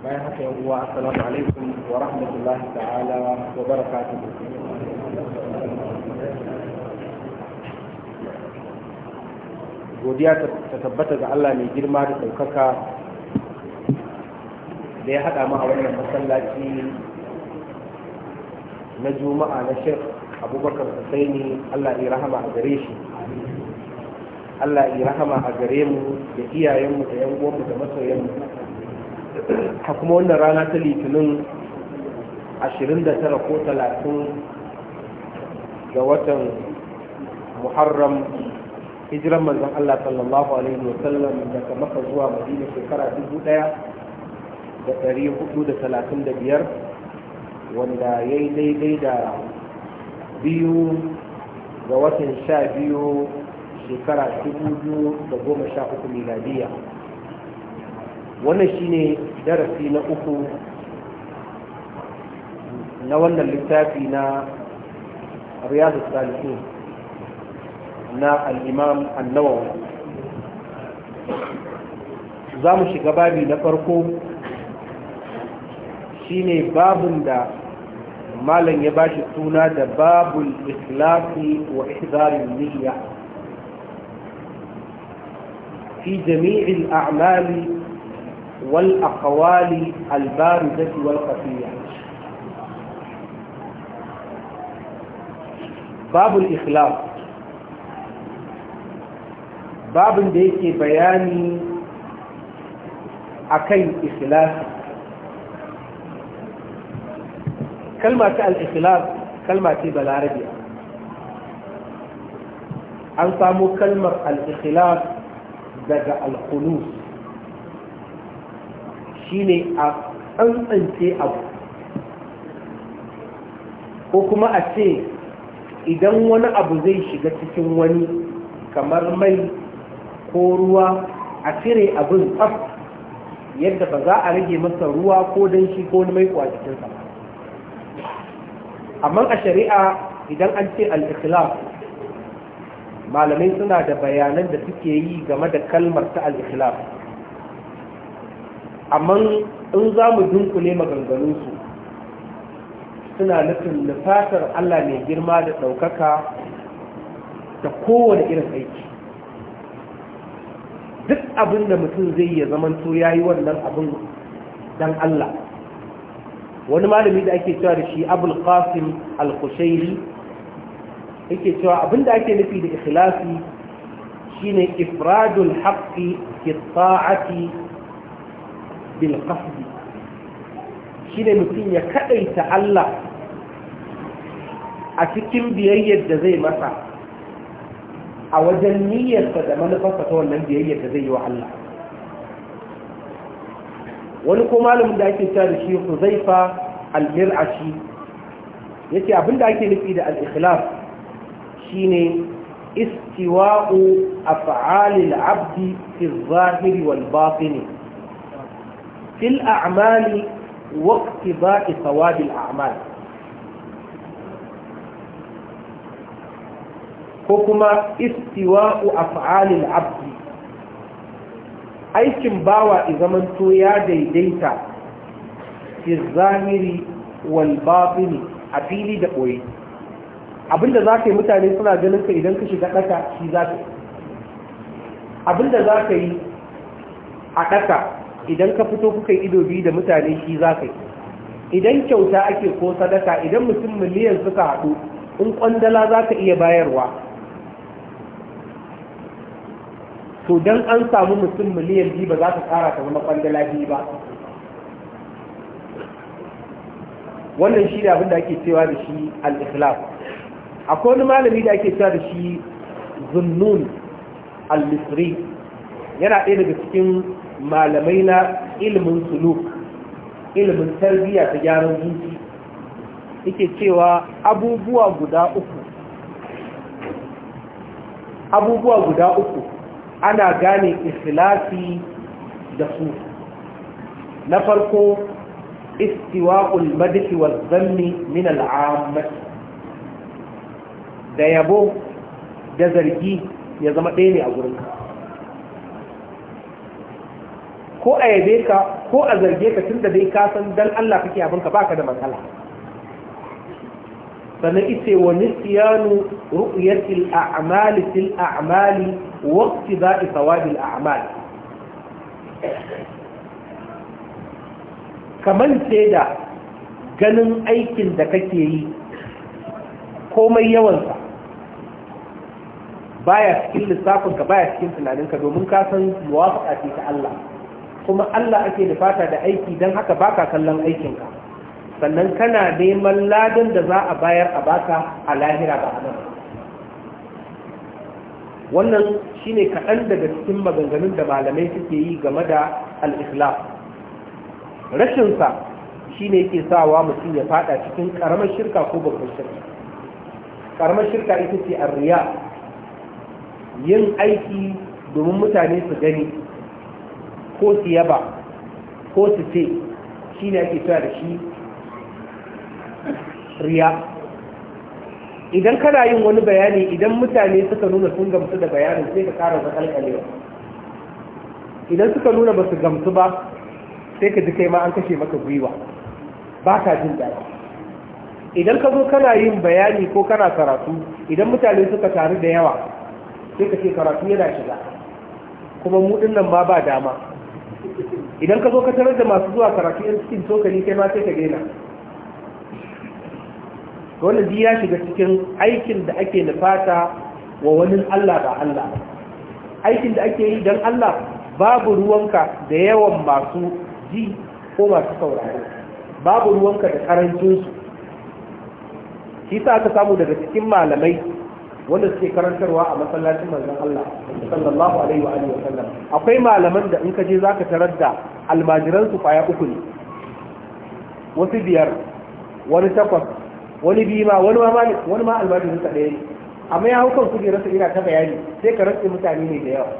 السلام عليكم ورحمة الله تعالى وبركاته godiya ta tabbata ga Allah mai girma da ɗaukaka da ya haɗa mu a wannan masallaci na juma'a na shek abubakar husaini Allah ya rahama a gare shi Allah ya rahama a gare mu da iyayenmu da yan uwanmu da masoyanmu ta kuma wannan rana ta litinin 29 ko 30 ga watan muharram hijiran manzon Allah sallallahu alaihi wa sallam daga maka zuwa madina shekara 1435 wanda ya yi daidai da biyu ga watan sha biyu shekara 2013 miladiya wannan shine darasi na uku na wannan littafi na riyadu salihin na al'imam annawawa za mu shiga babi na farko shine babin da malam ya bashi suna da babul ikhlasi wa ihzarin niyya fi jami'il a'mali والأقوال الباردة والخفية باب الإخلاص باب ديكي بياني أكي إخلاص كلمة الإخلاص كلمة بالعربية أنصاموا كلمة الإخلاص daga القلوس shine a tsantsance abu ko kuma a ce idan wani abu zai shiga cikin wani kamar mai ko ruwa a cire abin tsaf yadda ba za a rage masa ruwa ko danshi ko wani mai kuwa cikinsa amma a shari'a idan an ce al-ikhlas malamai suna da bayanan da suke yi game da kalmar ta al-ikhlas amma in za mu dunkule maganganunsu suna nufin nufatar Allah mai girma da ɗaukaka da kowane irin aiki duk abin da mutum zai ya zamanto ya yi wannan abin don Allah wani malami da ake cewa da shi abul qasim al-kushairi yake cewa abin da ake nufi da ikhlasi shine ifradul haqqi fi ta'ati بالقصد shine mutum ya kadaita Allah a cikin biyayyar da zai masa a wajen niyyarsa da manufarsa ta wannan biyayyar da zai yi wa Allah wani ko malamin da ake cewa da shi Huzaifa al-Mir'ashi yace abinda ake nufi da al-ikhlas shine istiwa'u af'alil 'abdi fi adh-dhahiri wal-batini fil a'mali waqti ba'i thawabil a'mal ko kuma istiwa'u af'alil abdi aikin bawa izamanto ya daidaita fi zahiri wal batini a fili da ɓoye abinda za ka yi mutane suna ganin ka idan ka shiga ɗaka shi za ka abinda za ka yi a ɗaka idan ka fito kuka ido biyu da mutane shi za ka yi idan kyauta ake ko sadaka idan mutum miliyan suka haɗu in kwandala za ka iya bayarwa to don an samu mutum miliyan biyu ba za ka tsara ta zama kwandala biyu ba wannan shi da abin ake cewa da shi al islam akwai wani malami da ake cewa da shi zunnun al-misri yana ɗaya daga cikin malamai na ilimin suluk ilimin tarbiyya ta gyaran zuci yake cewa abubuwa guda uku abubuwa guda uku ana gane ikhlasi da su na farko istiwa'ul madhi wal zanni min al'ammat da yabo da zargi ya zama ɗaya ne a gurinka ko a yabe ka ko a zarge ka tun da dai ka san dan Allah kake abin ka baka da matsala sannan ite wa nisyanu ru'yatil a'mali fil a'mali wa iqtida'i thawabil a'mal kaman sai da ganin aikin da kake yi komai yawansa baya cikin lissafinka baya cikin tunaninka domin ka san muwafaqa ce ta Allah kuma Allah ake da fata da aiki don haka baka kallon aikinka sannan kana neman ladan da za a bayar a baka a lahira ba nan wannan shine kaɗan daga cikin maganganun da malamai suke yi game da al'islam rashinsa shine yake sawa mutum ya fada cikin ƙaramar shirka ko babban shirka ƙaramar shirka ita ce a riya yin aiki domin mutane su gani ko su yaba ko su ce shi ne ake sa da shi riya idan kana yin wani bayani idan mutane suka nuna sun gamsu da bayanin sai ka kara zakalkalewa idan suka nuna ba su gamsu ba sai ka ji kai ma an kashe maka gwiwa ba ka jin daɗi idan ka zo kana yin bayani ko kana karatu idan mutane suka taru da yawa sai ka ce karatu yana shiga kuma mu nan ma ba dama idan ka zo ka tarar da masu zuwa karatu yan cikin tsokani kai ma sai ka daina wannan ji ya shiga cikin aikin da ake nufata wa wani Allah ba Allah aikin da ake yi don Allah babu ruwanka da yawan masu ji ko masu saurari babu ruwanka da karancinsu shi sa aka samu daga cikin malamai wanda suke karantarwa a masallacin manzon Allah sallallahu alaihi wa alihi akwai malaman da in ka je zaka tarar da almajiransu kwaya uku ne wasu biyar wani takwas wani bima wani ma wani ma almajirinsa ɗaya ne amma ya hau kan kujerarsa ina ta bayani sai ka rantse mutane ne da yawa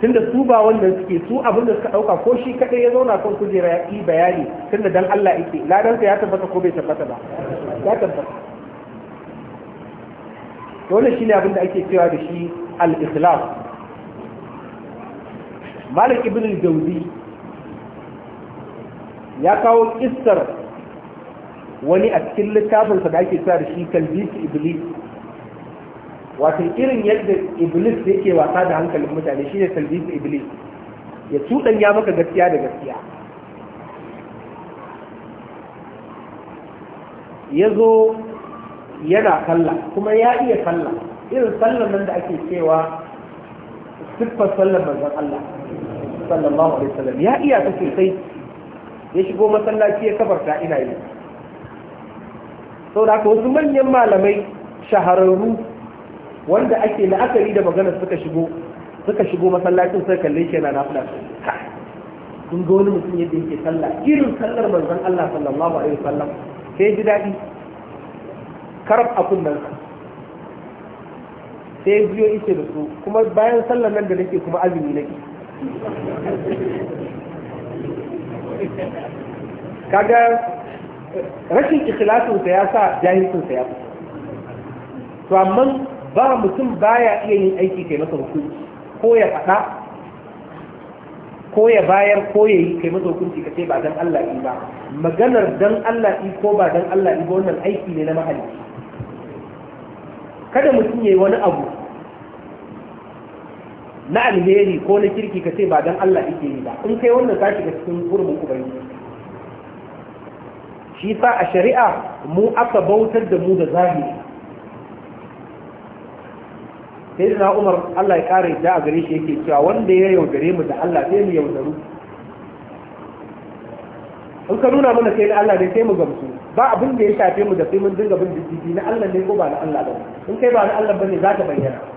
tunda su ba wannan suke su abin da suka dauka ko shi kadai ya zauna kan kujera ya yi bayani tunda dan Allah yake ladansa ya tabbata ko bai tabbata ba ya tabbata dole shi ne abin da ake cewa da shi al-islam malik ibn al-jawzi ya kawo kissar wani a cikin littafinsa da ake sa da shi kalbis iblis wato irin yadda iblis yake wasa da hankalin mutane shine kalbis iblis ya ya maka gaskiya da gaskiya ya yana sallah kuma ya iya kalla irin sallar nan da ake cewa siffar sallar manzon Allah sallallahu alaihi wasallam ya iya ta sosai ya shigo masallaci ya kabarta ina yi sau da wasu manyan malamai shahararru wanda ake la'akari da magana suka shigo suka shigo masallacin sai kalle shi yana nafila kun ga wani mutum yadda yake sallah irin sallar manzon Allah sallallahu alaihi wasallam sai ji daɗi karab a kunnen sai biyo ice da su kuma bayan sallar nan da nake kuma azumi nake kaga rashin ikhlasinsa ya sa jahilcinsa ya fito to amma ba mutum baya iya yin aiki kai masa hukunci ko ya faɗa ko ya bayar ko ya yi kai masa hukunci ka ce ba dan Allah ba maganar dan Allah yi ko ba dan Allah yi wannan aiki ne na mahalli kada mutum ya yi wani abu na alheri ko na kirki ka ce ba dan Allah yake yi ba in kai wannan ka shiga cikin gurbin ubangiji shi sa a shari'a mu aka bautar da mu da zahiri sai da umar Allah ya kare da a gare shi yake cewa wanda ya yaudare mu da Allah sai mu yaudaru in ka nuna mana sai na Allah ne sai mu gamsu ba abin da ya shafe mu da sai mun dinga bin diddigi na Allah ne ko ba na Allah ba in kai ba na Allah bane za ka bayyana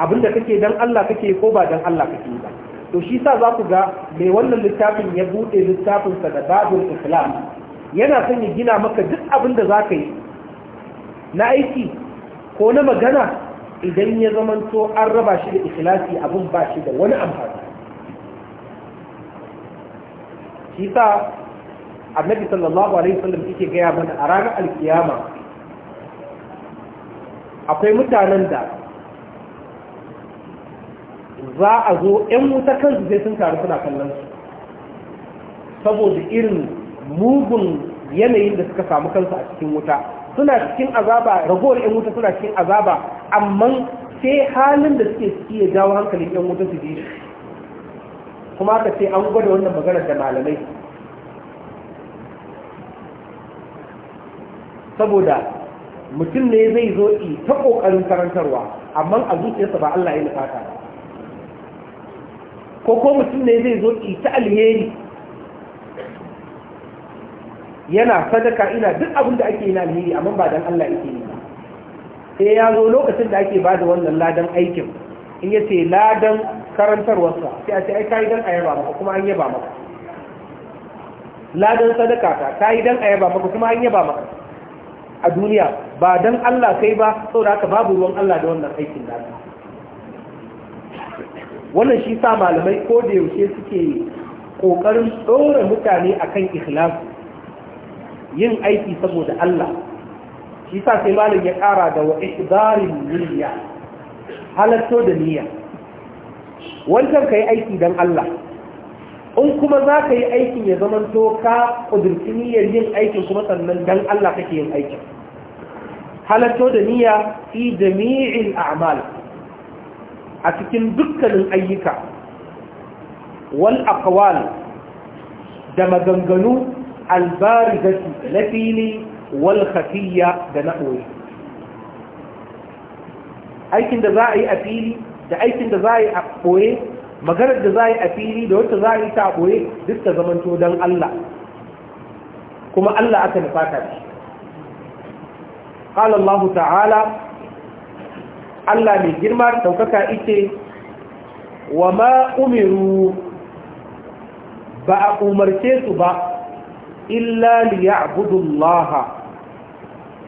abinda kake dan Allah kake ko ba dan Allah kake ba to shi sa za ku ga mai wannan littafin ya bude littafin sa da babul islam yana son ya gina maka duk abinda za ka yi na aiki ko na magana idan ya zamanto an raba shi da ikhlasi abin ba shi da wani amfani shi sa annabi sallallahu alaihi wasallam yake gaya mana a ranar alkiyama akwai mutanen da za a zo 'yan wuta kansu sai sun taru suna kallon su saboda irin mugun yanayin da suka samu kansu a cikin wuta suna cikin azaba ragowar 'yan wuta suna cikin azaba amma sai halin da suke suke ya jawo hankalin 'yan wuta su ji kuma ka ce an gwada wannan maganar da malamai saboda mutum ne zai zo ta ƙoƙarin karantarwa amma a zuciyarsa ba Allah ya nufata ba ko ko mutum ne zai zo ita alheri yana sadaka ina duk abin da ake yi na alheri amma ba dan Allah yake yi sai ya zo lokacin da ake bada wannan ladan aikin in ya ce ladan karantarwarsa sai a ce ai kayi dan a yaba maka kuma an yaba maka ladan sadaka ta kayi dan a yaba maka kuma an yaba maka a duniya ba dan Allah kai ba saboda haka babu ruwan Allah da wannan aikin ladan wannan shi sa malamai ko da yaushe suke kokarin tsora mutane akan ikhlas yin aiki saboda Allah shi sa sai malam ya kara da wa ihdarin niyya halatto da niyya wancan kai aiki dan Allah in kuma za ka yi aikin ya zama to ka ƙudurci niyyar yin aikin kuma sannan dan Allah kake yin aikin halatto da niyya fi jami'in a'mal a cikin dukkanin ayyuka wal aqwal da maganganu albarizati na fili wal khafiyya da na ɓoye aikin da za a yi a fili da aikin da za a yi a ɓoye maganar da za a yi a fili da wata za a yi ta a ɓoye duk ta zamanto don Allah kuma Allah aka nufata shi قال الله تعالى Allah mai girma da ɗaukaka ike wa ma umiru ba a umarce su ba illa laha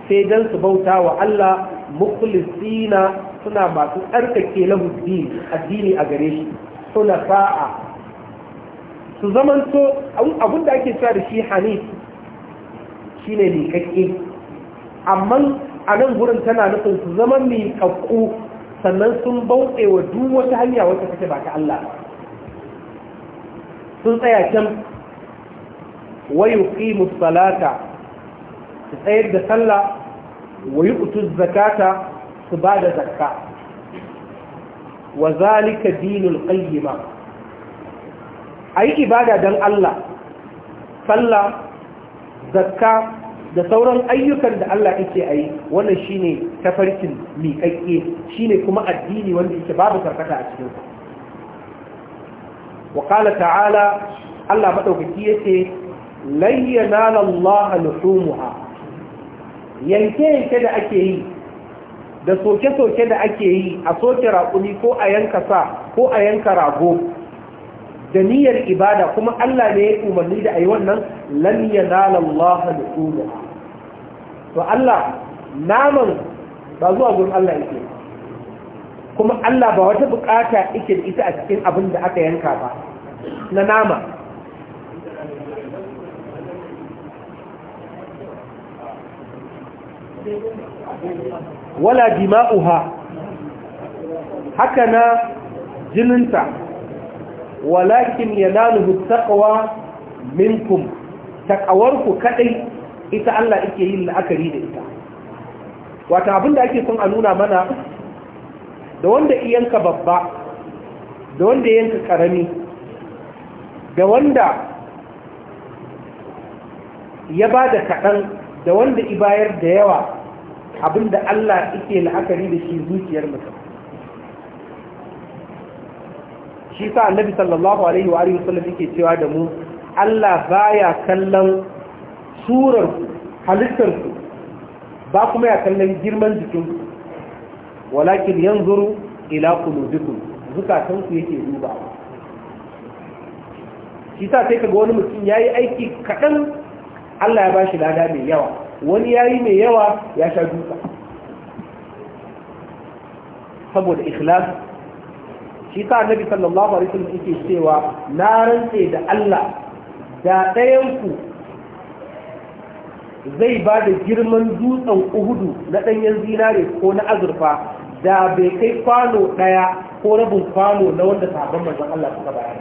sai dan su bauta wa Allah mukhlisina suna masu tsarkake lahu addini a gare shi suna sa'a su zamanto abin da ake cewa da shi hanif shine likakke amma a nan gurin tana nufin su zama miƙaƙƙu sannan sun bauɗe wa duk wata hanya wata take ba ta Allah sun tsaya can wayu qimu salata su tsayar da sallah wayu utu zakata su ba zakka wa zalika dinul qayyima ayi ibada dan Allah sallah zakka da sauran ayyukan da Allah yake a yi wannan shine tafarkin miƙaƙƙe shine kuma addini wanda yake babu karkata a cikin sa wa qala ta'ala Allah madaukaki yace lan Allah luhumuha yanke yanke da ake yi da soke soke da ake yi a soke raƙumi ko a yanka sa ko a yanka rago da niyyar ibada kuma Allah ne ya umarni da ayi wannan lan yanala Allah luhumuha to Allah naman ba zuwa gurin Allah yake kuma Allah ba wata bukata yake da ita a cikin abin da aka yanka ba na nama wala jima'uha, haka na jininta walakin yanaluhu taqwa minkum taƙawarku kadai ita Allah ike yin la'akari da ita wata abin da ake son a nuna mana da wanda iyanka babba da wanda yanka karami da wanda ya ba da kaɗan da wanda ibayar da yawa abin da Allah yake la'akari da shi zuciyar mutum shi sa annabi sallallahu alaihi wa alihi wasallam yake cewa da mu Allah baya kallon surarku halittarku ba kuma ya kallon girman jikinku walakin yanzuru ila qulubikum zukatanku yake duba. shi sa sai kaga wani mutum ya yi aiki kaɗan, Allah ya ba shi lada mai yawa wani ya yi mai yawa ya sha duka saboda ikhlas shi sa nabi sallallahu alaihi wasallam yake cewa na rantse da Allah da ɗayan ku zai ba da girman dutsen uhudu na ɗanyen zinare ko na azurfa da bai kai kwano ɗaya ko rabin kwano na wanda sabon manzon Allah suka bayar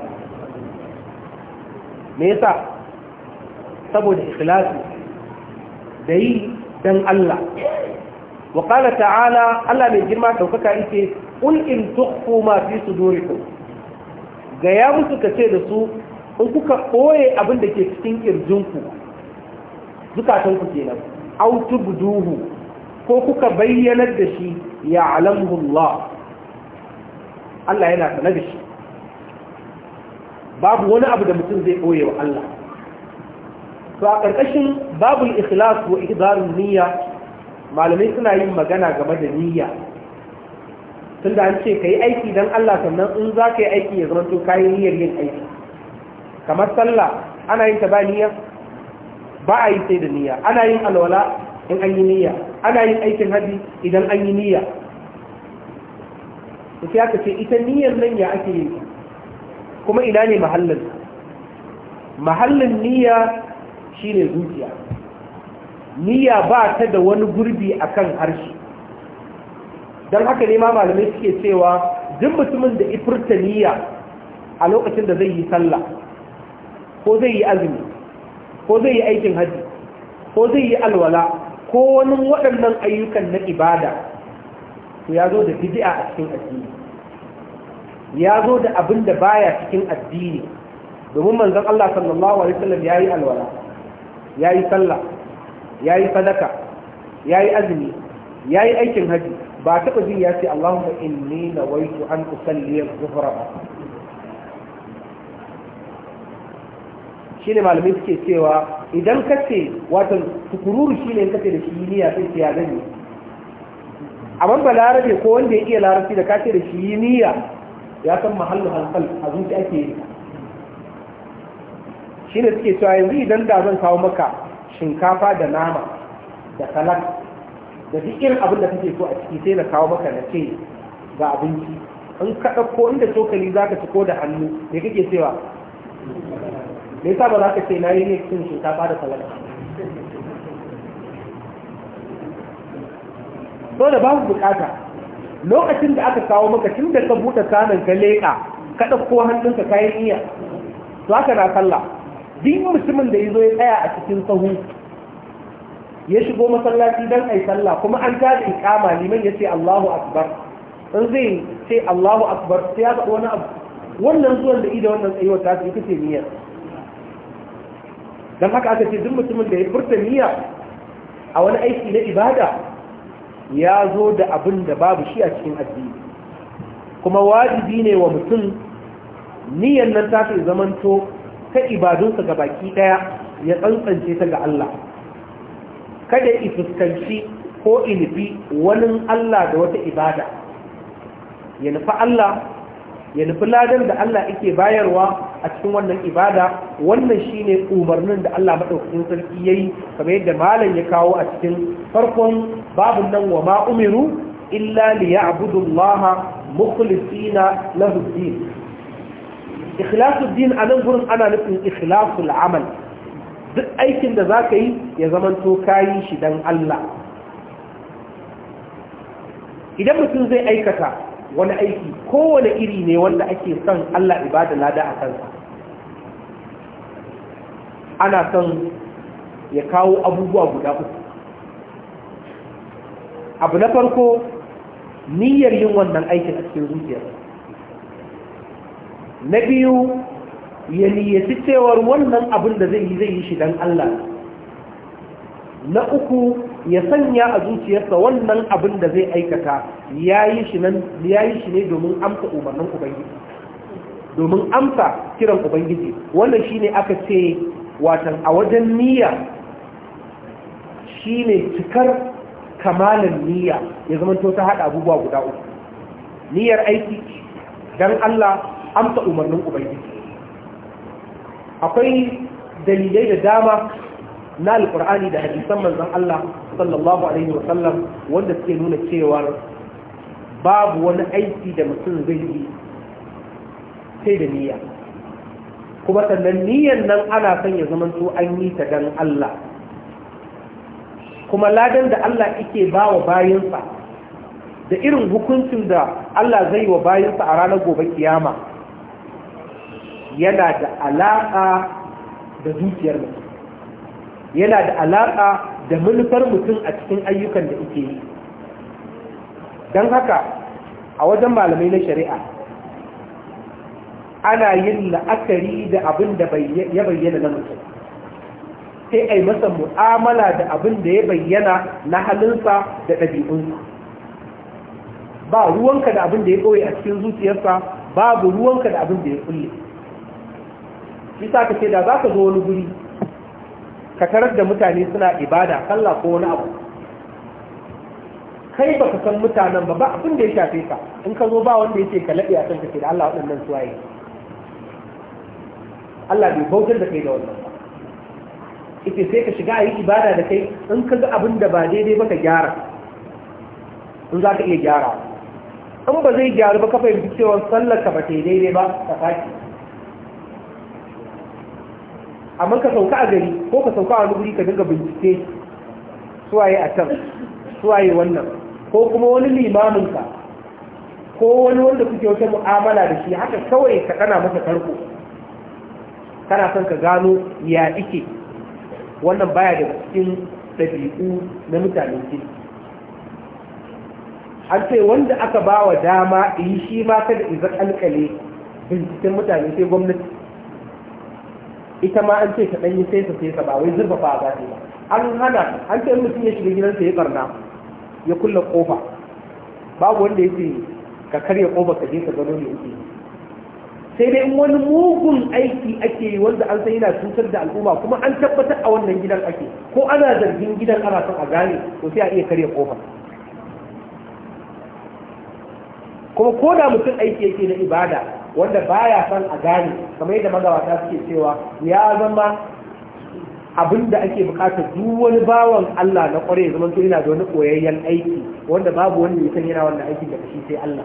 me yasa saboda ikhlasi da yi dan Allah wa qala ta'ala Allah mai girma daukaka yake qul in tukhfu ma fi sudurikum ga ya musu kace da su in kuka ɓoye abin da ke cikin kirjinku zukatanku kenan Autu buduhu. ko kuka bayyanar da shi ya alamhullah Allah yana sana da shi babu wani abu da mutum zai ɓoye wa Allah to a ƙarƙashin babu ikhlas wa ihdarun niyya malamai suna yin magana game da niyya tun da an ce ka yi aiki don Allah sannan in za ka yi aiki ya zama to kayan niyyar yin aiki kamar sallah ana yin ta ba niyyar ba a yi sai da niyya ana yin alwala in an yi niyya ana yin aikin haji idan an yi niyya sai aka ce ita niyyar nan ya ake yi kuma ina ne mahallin mahallin niyya shine zuciya niyya ba ta da wani gurbi akan harshe don haka ne ma malamai suke cewa duk mutumin da ifurta niyya a lokacin da zai yi sallah ko zai yi azumi ko zai yi aikin haji ko zai yi alwala ko wani waɗannan ayyukan na ibada to ya zo da bid'a a cikin addini ya zo da abin da baya cikin addini domin manzon Allah sallallahu alaihi wasallam yayi alwala yayi sallah yayi sadaka yayi azumi yayi aikin haji ba taɓa jin ya ce Allahumma inni nawaitu an usalli zuhra shi ne malamai suke cewa idan ka ce watan tukururu shi ne kace da shi niyya sai ce ya gani amma balarabe ko wanda ya iya larabci da kace da shi niyya ya san mahallu halkal a zuci ake yi shi ne suke cewa yanzu idan da zan kawo maka shinkafa da nama da salak da duk irin abin da kake so a ciki sai na kawo maka na ce ga abinci in ka ɗauko inda cokali za ka ci ko da hannu me kake cewa me yasa ba za ka ce na yi ne ta shinkafa da salad so da babu bukata lokacin da aka kawo maka tun da ka buɗe kanan ka leƙa ka ɗauko hannunka kayan iya to haka na sallah duk mutumin da ya zo ya tsaya a cikin sahu ya shigo masallaci don a yi sallah kuma an da ikama liman ya ce Allahu Akbar in zai ce Allahu Akbar sai ya faɗi wani abu wannan zuwan da ida wannan tsayuwar ta ita ce niyyar don haka aka ce duk mutumin da ya furta niyya a wani aiki na ibada ya zo da abin da babu shi a cikin addini kuma wajibi ne wa mutum niyyar nan ta fi zamanto ta ibadunsa ga baki daya ya tsantsance ta ga Allah kada ya fuskanci ko inifi wani Allah da wata ibada ya nufi Allah ya nufi ladan da Allah yake bayarwa a cikin wannan ibada wannan shine umarnin da Allah madaukakin sarki yayi kamar yadda malam ya kawo a cikin farkon babun nan wa ma umiru illa liya'budu Allah mukhlisina lahu din ikhlasu din anan gurin ana nufin ikhlasu amal duk aikin da zaka yi ya zamanto kayi shi dan Allah idan mutum zai aikata wani aiki kowane iri ne wanda ake son Allah ibada lada a kansa ana son ya kawo abubuwa guda uku abu na farko niyyar yin wannan aikin a cikin zuciya na biyu ya niyyaci cewar wannan abin da zai yi zai yi shi dan Allah na uku ya sanya a zuciyarsa wannan abin da zai aikata ya yi shi ne domin amsa umarnin ubangiji domin amsa kiran ubangiji wannan shi ne aka ce watan a wajen niyya shi ne cikar kamalan niyya ya zamanto ta haɗa abubuwa guda uku niyyar aiki don Allah amsa umarnin ubangiji akwai dalilai da dama na alkur'ani da hadisan manzon Allah sallallahu alaihi wa sallam wanda suke nuna cewa babu wani aiki da mutum zai yi sai da niyya kuma sannan niyyan nan ana son ya zama to an yi ta dan Allah kuma ladan da Allah yake ba wa bayansa da irin hukuncin da Allah zai wa bayansa a ranar gobe kiyama yana da alaƙa da zuciyar mutum yana da alaƙa da manufar mutum a cikin ayyukan da ike yi don haka a wajen malamai na shari'a ana yin la'akari da abin da ya bayyana na mutum sai a yi masa mu'amala da abin da ya bayyana na halinsa da ɗabi'unsa ba ruwanka da abin da ya ɓoye a cikin zuciyarsa babu ruwanka da abin da ya kulle shi sa ka ce da za ka zo wani guri ka tarar da mutane suna ibada sallah ko wani abu kai ba ka san mutanen ba ba abin da ya shafe ka in ka zo ba wanda ya ce ka laɓe a kan ka ce da Allah waɗannan suwaye Allah bai bautar da kai da wannan ba ita sai ka shiga a yi ibada da kai in ka ga abin da ba daidai ba ka gyara in za ka iya gyara in ba zai gyaru ba ka fahimci cewa sallar ka ba daidai ba ka sake amma ka sauka a gari ko ka sauka a wani ka dinga bincike suwaye a can suwaye wannan ko kuma wani limaminka ko wani wanda kuke wata mu'amala da shi haka kawai ka kana masa karko kana son ka gano ya ike wannan baya da cikin ɗabi'u na mutanen kirki an sai wanda aka ba wa dama yi shi ma kada izar alƙale binciken mutane sai gwamnati ita ma an ce ka ɗanyi sai ka sai ka ba wai zurfa a za ta an hana an ce mutum ya shiga gidansa ya barna ya kulle kofa babu wanda ya ce ka karya kofa ka je ka gano ne yake sai dai wani mugun aiki ake yi wanda an san yana cutar da al'umma kuma an tabbatar a wannan gidan ake ko ana zargin gidan ana son a gane to sai a iya karya kofa kuma ko da mutum aiki yake na ibada wanda baya son a gane kamar yadda magawata suke cewa ya zama abin da ake bukata duk wani bawan Allah na kware zaman to yana da wani koyayyen aiki wanda babu wanda ya san yana wannan aikin da kashi sai Allah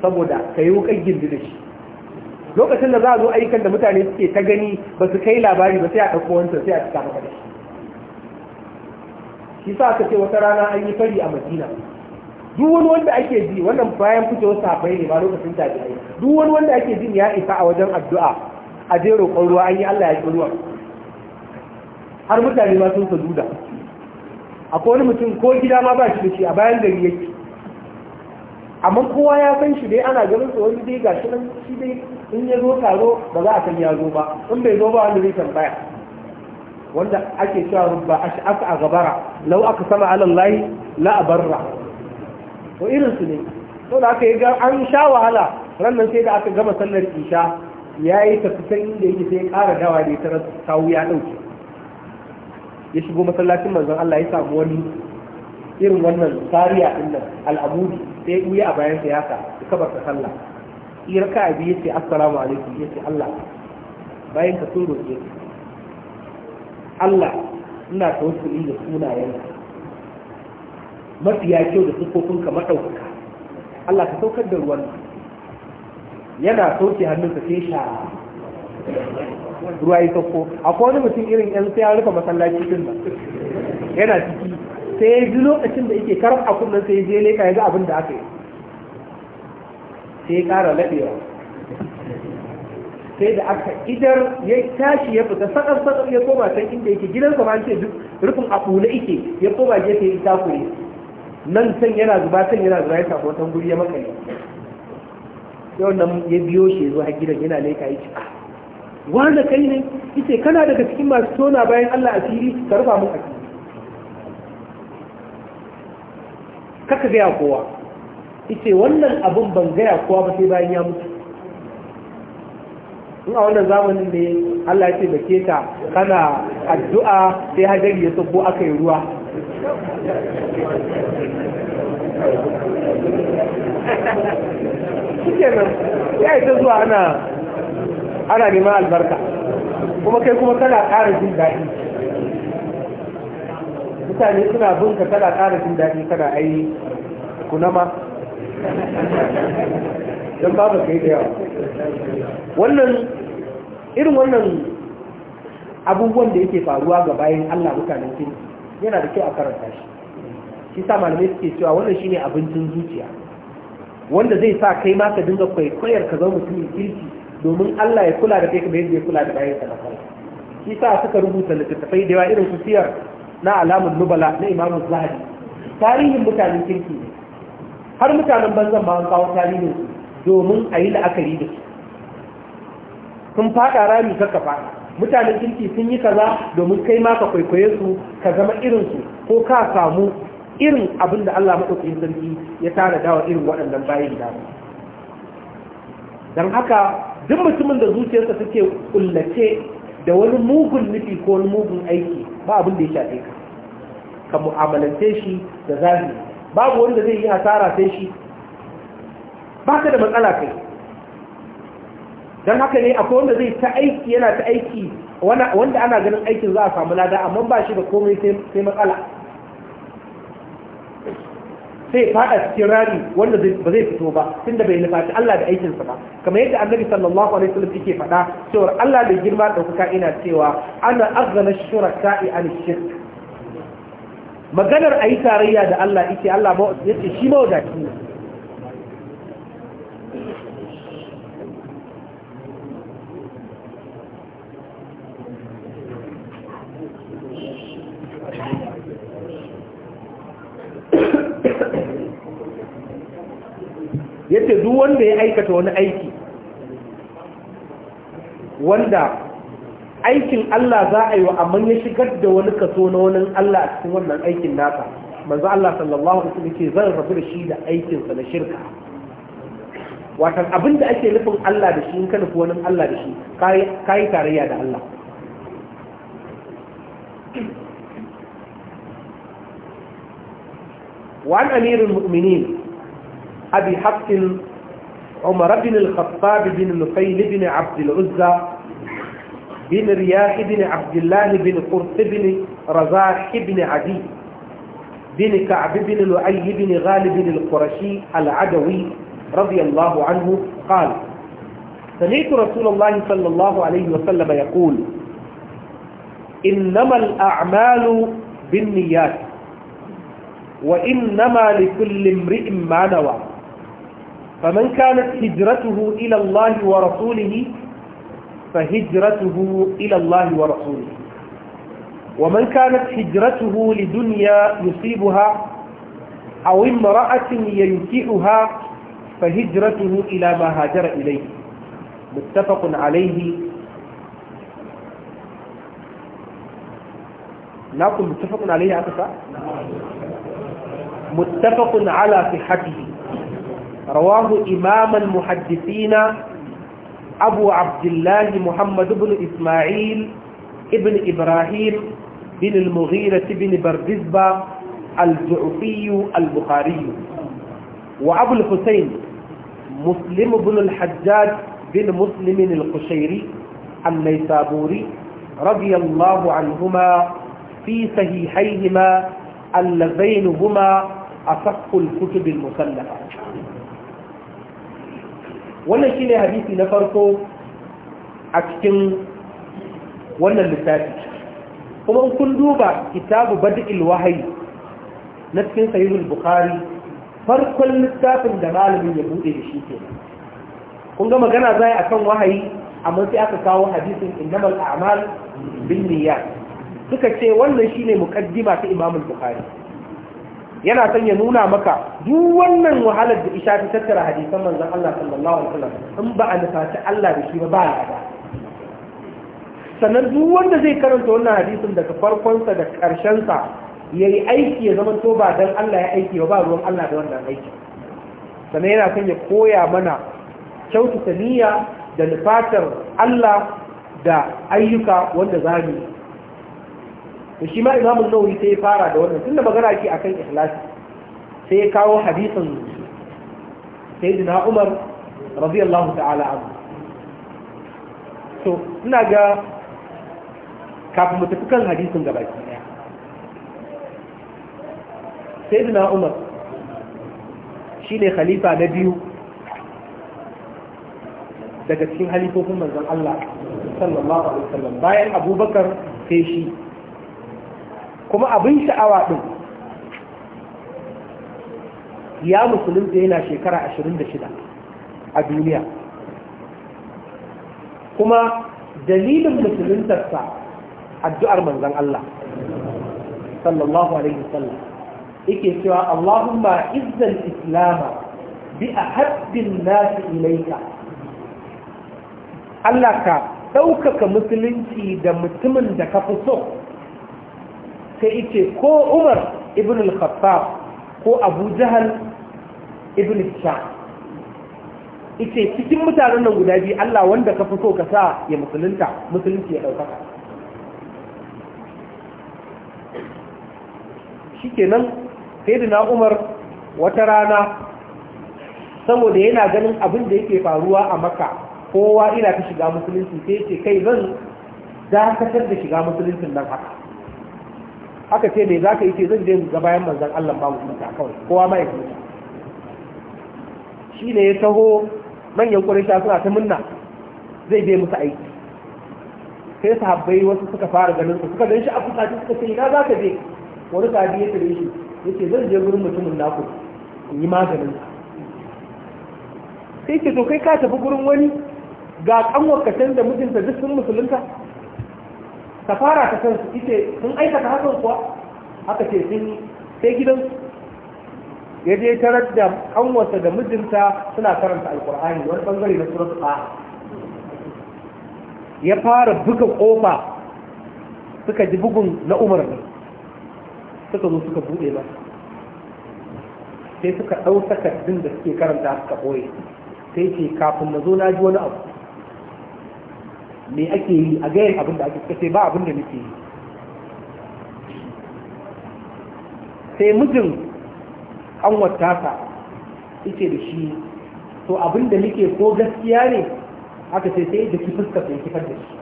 saboda ka yi wukan gindi da shi lokacin da za a zo aikan da mutane suke ta gani ba su kai labari ba sai a ɗauko wancan sai a cika maka da shi shi sa aka ce wata rana an yi fari a madina duk wani wanda ake ji wannan bayan fitowar sahabbai ne ba lokacin tabi'ai duk wani wanda ake jin ya isa a wajen addu'a a je roƙon ruwa an yi Allah ya ki ruwan har mutane ma sun da. akwai wani mutum ko gida ma ba shi da shi a bayan gari yake amma kowa ya san shi dai ana ganin su wani dai ga shi nan shi dai in ya zo taro ba za a san ya zo ba in bai zo ba wanda zai tambaya wanda ake cewa rubba ash'aka a gabara law aka sama ala Allah la abarra to irinsu ne to da aka yi ga an sha wahala rannan sai da aka gama sallar isha ya yi tafitan inda yake sai ya ƙara dawa da ya kawo ya ɗauke ya shigo masallacin manzon Allah ya samu wani irin wannan tsariya ɗin nan al'amudi sai ya ɓuya a bayan sa ya ka ya kabarta sallah iya raka abi ya ce assalamu alaikum ya ce Allah bayan ka sun roƙe Allah ina tawassuli da sunayen mafiya kyau da siffofin ka maɗaukaka Allah ka saukar da ruwan yana sauke hannunsa sai sha ruwa yi sauko akwai wani mutum irin yan sai ya rufe masallaci din nan yana ciki sai ya ji lokacin da yake karar a kunnan sai ya je leka ya ga abin da aka yi sai ya ƙara laɗewa sai da aka idar ya tashi ya fita sakar sakar ya koma can inda yake gidansa ma ce duk rufin a kula ike, ya koma gefe ya takure nan can yana zuba can yana zuba ya tafi wata guri ya ne. yau nan ya biyo shi zuwa gidan yana leka ya ci ah, wanda kai ne ita kana daga cikin masu tona bayan Allah asiri ka rufa mun asiri kaka gaya kowa ita wannan abun ban gaya kowa ba sai bayan ya mutu in a wannan zamanin ne Allah ya ce da ke ta kana addu'a sai hajjari ya sabo aka yi ruwa shikenan ya ta zuwa ana ana neman albarka kuma kai kuma kana ƙara jin daɗi mutane suna bin ka kana ƙara jin daɗi kana ai kunama don babu kai da yawa wannan irin wannan abubuwan da yake faruwa ga bayan Allah mutanen kirki yana da kyau a karanta shi shi sa malamai suke cewa wannan shine abincin zuciya wanda zai sa kai ma ka dinga kwaikwayar ka zama mutumin kirki domin Allah ya kula da kai kamar yadda ya kula da bayan sana sana shi sa suka rubuta littattafai da yawa irin su siyar na alamun nubala na imamu zahari tarihin mutanen kirki ne har mutanen banzan ma an kawo tarihin su domin a yi la'akari da su sun faɗa rami kakka faɗa Mutane kirki sun yi kaza domin kai ma ka kwaikwaye su ka zama irin su ko ka samu irin abin da Allah madaukakin sarki ya tara dawa irin waɗannan bayan da dan haka duk mutumin da zuciyarsa take kullace da wani mugun nufi ko wani mugun aiki ba abin da ya shafe ka ka mu'amalance shi da zahiri babu wanda zai yi hasara sai shi baka da matsala kai don haka ne akwai wanda zai ta aiki yana ta aiki wanda ana ganin aikin za a samu lada amma ba shi da komai sai matsala sai fada cikin rari wanda ba zai fito ba tunda bai nufaci Allah da aikinsa ba kamar yadda annabi sallallahu alaihi wasallam yake faɗa cewa Allah da girma ɗaukaka ina cewa ana azzana shuraka'i an shirk maganar ayi tarayya da Allah yake Allah yace shi mawadaci ne ce duk wanda ya aikata wani aiki wanda aikin Allah za a yi wa amma ya shigar da wani kaso na wani Allah a cikin wannan aikin nasa manzo Allah sallallahu alaihi wasallam ke zan rabu da shi da aikin sa na shirka watan abin da ake nufin Allah da shi in ka nufi wani Allah da shi kai tarayya da Allah وعن أمير المؤمنين أبي حق عمر بن الخطاب بن نفيل بن عبد العزى بن رياح بن عبد الله بن قرط بن رزاح بن عدي بن كعب بن لؤي بن غالب بن القرشي العدوي رضي الله عنه قال سمعت رسول الله صلى الله عليه وسلم يقول إنما الأعمال بالنيات وإنما لكل امرئ ما نوى فمن كانت هجرته إلى الله ورسوله فهجرته إلى الله ورسوله ومن كانت هجرته لدنيا يصيبها أو امرأة ينكئها فهجرته إلى ما هاجر إليه متفق عليه نقول نعم، متفق عليه أكثر متفق على صحته رواه إمام المحدثين أبو عبد الله محمد بن إسماعيل ابن إبراهيم بن المغيرة بن بردزبة الجعفي البخاري وأبو الحسين مسلم بن الحجاج بن مسلم القشيري النيسابوري رضي الله عنهما في صحيحيهما اللذين هما أصح الكتب المسلمة wannan shine hadisi na farko a cikin wannan littafi kuma kun duba kitabu bad'il wahayi na cikin sahihul bukhari farkon littafin da malamin ya bude da shi kenan kun ga magana zai akan wahayi amma sai aka kawo hadisin innamal a'mal bin niyyat suka ce wannan shine muqaddima ta imamul bukhari yana son ya nuna maka duk wannan wahalar da isha ta tattara hadisan manzon Allah sallallahu alaihi wasallam in ba a nufaci Allah da shi ba ba lada duk wanda zai karanta wannan hadisin daga farkonsa da ƙarshensa ya yi aiki ya zama to ba don Allah ya aiki ba ruwan Allah da wannan aiki sannan yana son ya koya mana kyautata niyya da nufatar Allah da ayyuka wanda za mu to shi ma imamun nauyi sai ya fara da wannan da magana ake akan ikhlasi sai ya kawo hadisin sayyidina Umar radiyallahu ta'ala anhu to ina ga kafin mu tafi kan hadisin gaba ki daya sayyidina Umar ne khalifa na biyu daga cikin halifofin manzon Allah sallallahu alaihi wasallam bayan Abubakar sai shi kuma abin sha'awa ɗin ya musulunta yana shekara 26 a duniya kuma dalilin musuluntarsa addu'ar manzan Allah sallallahu alaihi sallam. yake cewa Allahumma izzal islama bi a haddin nasu ilaika Allah ka ɗaukaka musulunci da mutumin da ka fi so sai ice ko umar ibn al-khattab ko abu jahal ibn sha ice cikin mutanen nan guda biyu Allah wanda ka fi so ka sa ya musulunta musulunci ya ɗaukaka shikenan sai da na umar wata rana saboda yana ganin abin da yake faruwa a maka kowa ina ta shiga musulunci sai ce kai zan dakatar da shiga musuluncin nan haka aka ce me za ka yi ce zan je ga bayan manzan Allah ba ta kawai kowa ma ya mutunta shi ne ya taho manyan ƙuraisha suna ta munna zai bai musu aiki sai sahabbai wasu suka fara ganin su suka gan shi a fusaci suka ce ina za ka je wani sahabi ya tare shi ya ce zan je gurin mutumin naku in yi maganin sai ce to kai ka tafi gurin wani ga kanwar ka da mutunta duk sun musulunta ka fara ta kansu ita sun aikata hakan kuwa Haka ce sun yi sai su. ya je tarar da kanwarsa da mijinta suna karanta alkur'ani wani bangare na suratul a ya fara buga kofa suka ji bugun na umar ne suka zo suka bude ba sai suka ɗau takardun da suke karanta suka ɓoye sai ce kafin na zo na ji wani abu me ake yi a gayan abin da ake ce ba abin da nake yi sai mijin an watasa ita da shi to abin da nake ko gaskiya ne aka ce sai da ki fuskar da kifar da shi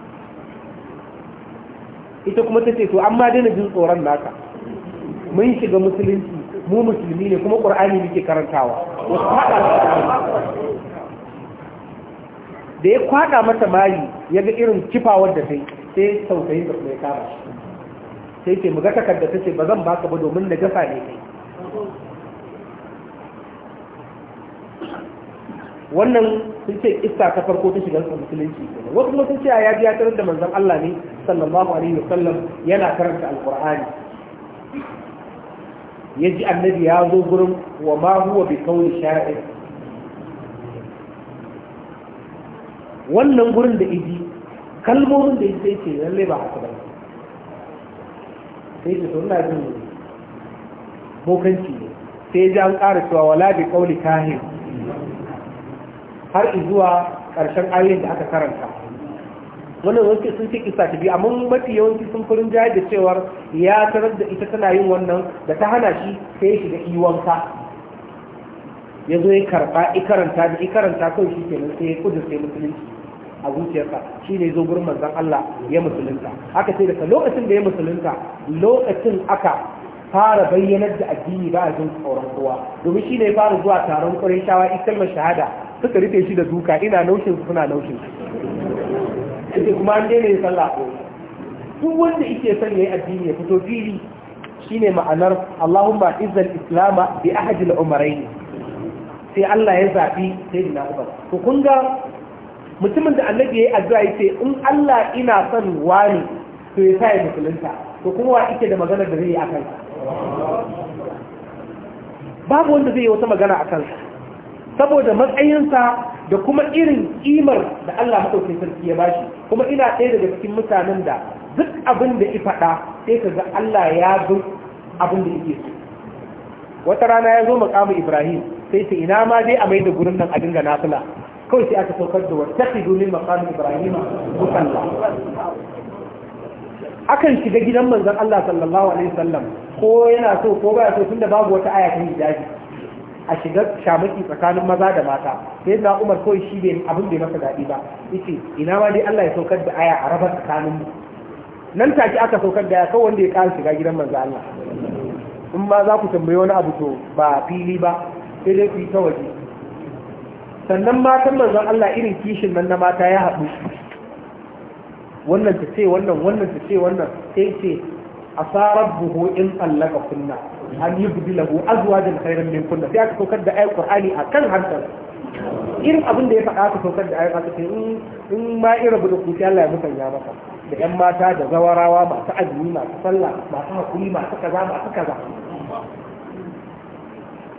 ita kuma ta ce to amma daina jin tsoron naka mun shiga musulunci mu musulmi ne kuma ƙur'ani muke karantawa wasu da ya kwada mata mari ya ga irin kifawar da sai sai tausayin da kuma ya kama shi sai ke mu ga takarda ta ce ba zan baka ba domin na gasa ne kai wannan sun ce ista ta farko ta shigar musulunci wasu kuma sun ce ya biya tarar da manzan Allah ne sallallahu alaihi wasallam yana karanta alqur'ani ji annabi ya zo gurin wa ma huwa bi qawli sha'ir wannan gurin da iji kalmomin da iji ce lalle ba haka ba sai ce to ina jin bokanci ne sai ji an ƙara cewa wala bi kauli kahin har zuwa ƙarshen ayoyin da aka karanta wannan wasu sun ce kisa ta biyu amma mafi yawanci sun furin jayar da cewar ya tarar da ita tana yin wannan da ta hana shi sai shi da iwanka ya zo ya karɓa ikaranta da ikaranta kawai shi nan sai ya kudu sai musulunci a zuciyarsa shi ne zo gurin manzon Allah ya musulunta aka ce daga lokacin da ya musulunta lokacin aka fara bayyanar da addini ba a jin tsoron kowa domin shi ne fara zuwa taron ƙurai shawa kalmar shahada suka rufe shi da duka ina naushin suna naushin shi kuma an daina sallah duk wanda yake son yayi addini ya fito fili shine ma'anar Allahumma izzal islama bi ahadi Umarai umrayn sai Allah ya zabi sai na Umar to kun ga mutumin da annabi yayi addu'a ce in Allah ina son wani to ya ya musulunta to kuma wa da magana da zai yi akan babu wanda zai yi wata magana akan saboda matsayinsa da kuma irin kimar da Allah madaukakin sarki ya bashi kuma ina ɗaya daga cikin mutanen da duk abin da ya faɗa sai ka ga Allah ya zo abin da yake so wata rana ya zo makamu Ibrahim sai ta ina ma dai a mai da gurin nan a dinga nafila kawai sai aka saukar da ta wattaqidu min maqami ibrahim musalla akan shiga gidan manzan Allah sallallahu alaihi sallam, ko yana so ko baya so tun tunda babu wata aya ta hijabi a shiga shamaki tsakanin maza da mata sai na Umar kawai shi bai abin bai masa daɗi ba yace ina ma dai Allah ya saukar da aya a rabar tsakanin mu nan take aka saukar da aya kawai wanda ya ƙara shiga gidan manzan. Allah in ma za ku tambayi wani abu to ba fili ba sai dai ku yi ta waje sannan matan manzon Allah irin kishin nan na mata ya haɗu wannan ta ce wannan wannan ta ce wannan sai ce a asarar buhu in ga kunna an yi gudu azuwa da khairan min kunna sai aka saukar da 'ƙur'ani a kan hantar. irin abin da ya faɗa aka saukar da ayat Ta ce in ma irin bude ku Allah ya musanya maka da yan mata da zawarawa masu azumi masu sallah masu haƙuri, masu kaza masu kaza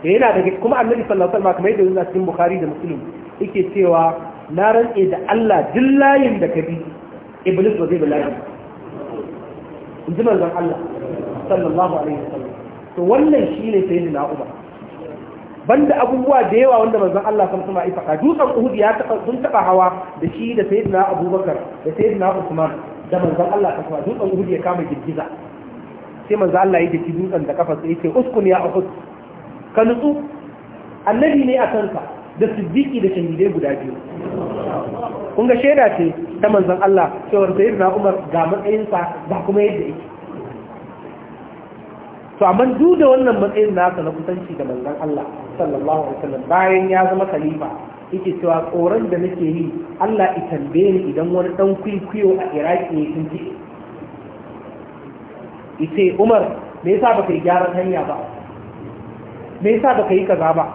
Eh, yana daga kuma annabi sallallahu alaihi wasallam kamar yadda yana cikin bukhari da muslim yake cewa na rantse da Allah duk layin da kabi iblis ba zai bi layin in ji manzon Allah sallallahu alaihi wasallam to wannan shine sai na uba banda abubuwa da yawa wanda manzon Allah sallallahu alaihi wasallam dutsen Uhud ya taba sun taba hawa da shi da sayyidina Abubakar da sayyidina Usman da manzon Allah sallallahu alaihi wasallam dutsen Uhud ya kama girgiza sai manzon Allah ya ji dutsen da kafa sai ya ce uskun ya Uhud ka nutsu annabi ne a kanka da siddiki da shahidai guda biyu kun ga shaida ce ta manzan Allah cewar sayyid na Umar ga matsayinsa ba kuma yadda yake to amma duk da wannan matsayin nasa na kusanci da manzan Allah sallallahu alaihi wasallam bayan ya zama khalifa yake cewa tsoron da nake yi Allah i tambaye ni idan wani dan kwikwiyo a Iraki ne sun ji yace Umar me yasa baka yi gyaran hanya ba me yasa baka yi kaza ba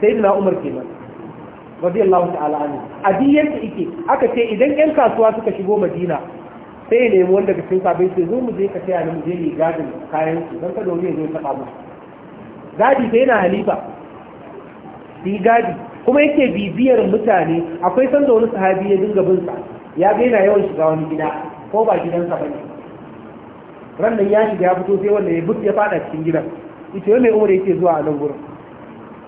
sai na umar kenan radiyallahu ta'ala anhu a da yake aka ce idan yan kasuwa suka shigo madina sai ya nemi wanda cikin sabai sai zo mu je ka taya mu je ni gadin kayan su don ka domin ya zo taba mu gadi sai na halifa yi gadi kuma yake bibiyar mutane akwai sanda wani sahabi ya dinga bin sa ya gaina yawan shiga wani gida ko ba gidansa bane ran nan ya shiga ya fito sai wanda ya but ya fada cikin gidan ita yau mai umar yake zuwa a nan gurin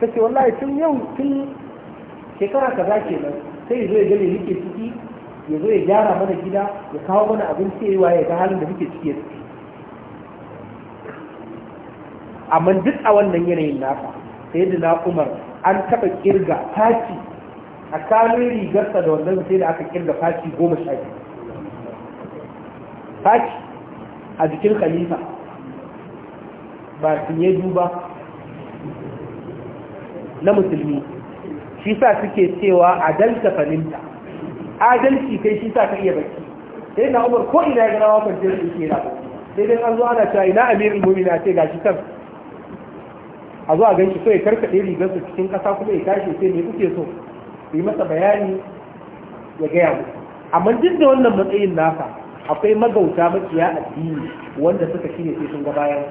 ta ce wallahi tun yau tun shekara za ke nan sai ya zo ya gane muke ciki ya zo ya gyara mana gida ya kawo mana abinci ya waye ga halin da muke ciki ya ciki amma duk a wannan yanayin nafa sai da na umar an taɓa kirga faci a kanun rigarsa da wannan sai da aka kirga faci goma sha biyu a jikin khalifa ba fiye duba na musulmi shi sa suke cewa adalta faninta adalci kai shi sa ka iya baki sai na umar ko ina gana wakon jirgin suke na sai dai an zo ana cewa ina amirin mumina na ce gashi kan a zo a gan shi so ya karkaɗe su cikin ƙasa kuma ya tashi sai me kuke so yi masa bayani ya gaya mu amma duk da wannan matsayin nasa akwai magauta makiya addini wanda suka shine sai sun ga bayan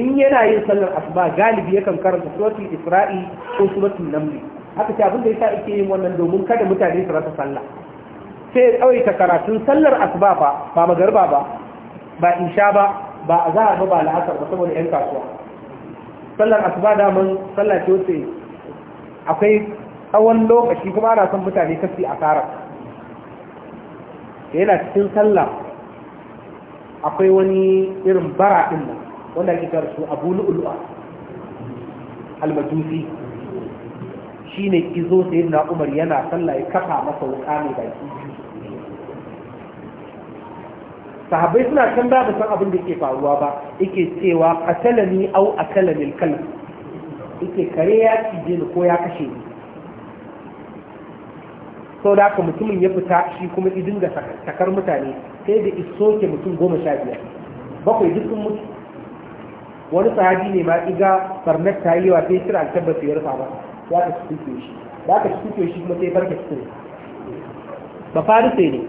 in yana yin sallar asuba galibi yakan karanta suratul isra'i ko suratul namli haka ce abinda da yasa ake yin wannan domin kada mutane su rasa sallah sai kawai ta karatun sallar asuba ba ba magarba ba ba insha ba ba zahar ba ba la'asar ba saboda yan kasuwa sallar asuba da mun sallah ce akwai tsawon lokaci kuma ana son mutane kasi asara da yana cikin sallah akwai wani irin bara ɗin nan wanda ake kira su abu lu'ulu'a almajusi shi ne izo sai yin na'umar yana sallah ya kafa masa wuka mai baki sahabbai suna can ba san abin da ke faruwa ba yake cewa katalani au a akalani kalb yake kare ya cije ni ko ya kashe ni sau da haka mutumin ya fita shi kuma idin da takar mutane sai da isoke mutum goma sha biyar bakwai duk sun mutu wani sahabi ne ma iga farnar ta yi wa sai shira an tabbata ya rufa ba ya ka cikin shi ka aka cikin shi kuma sai barka ne. ba sai ne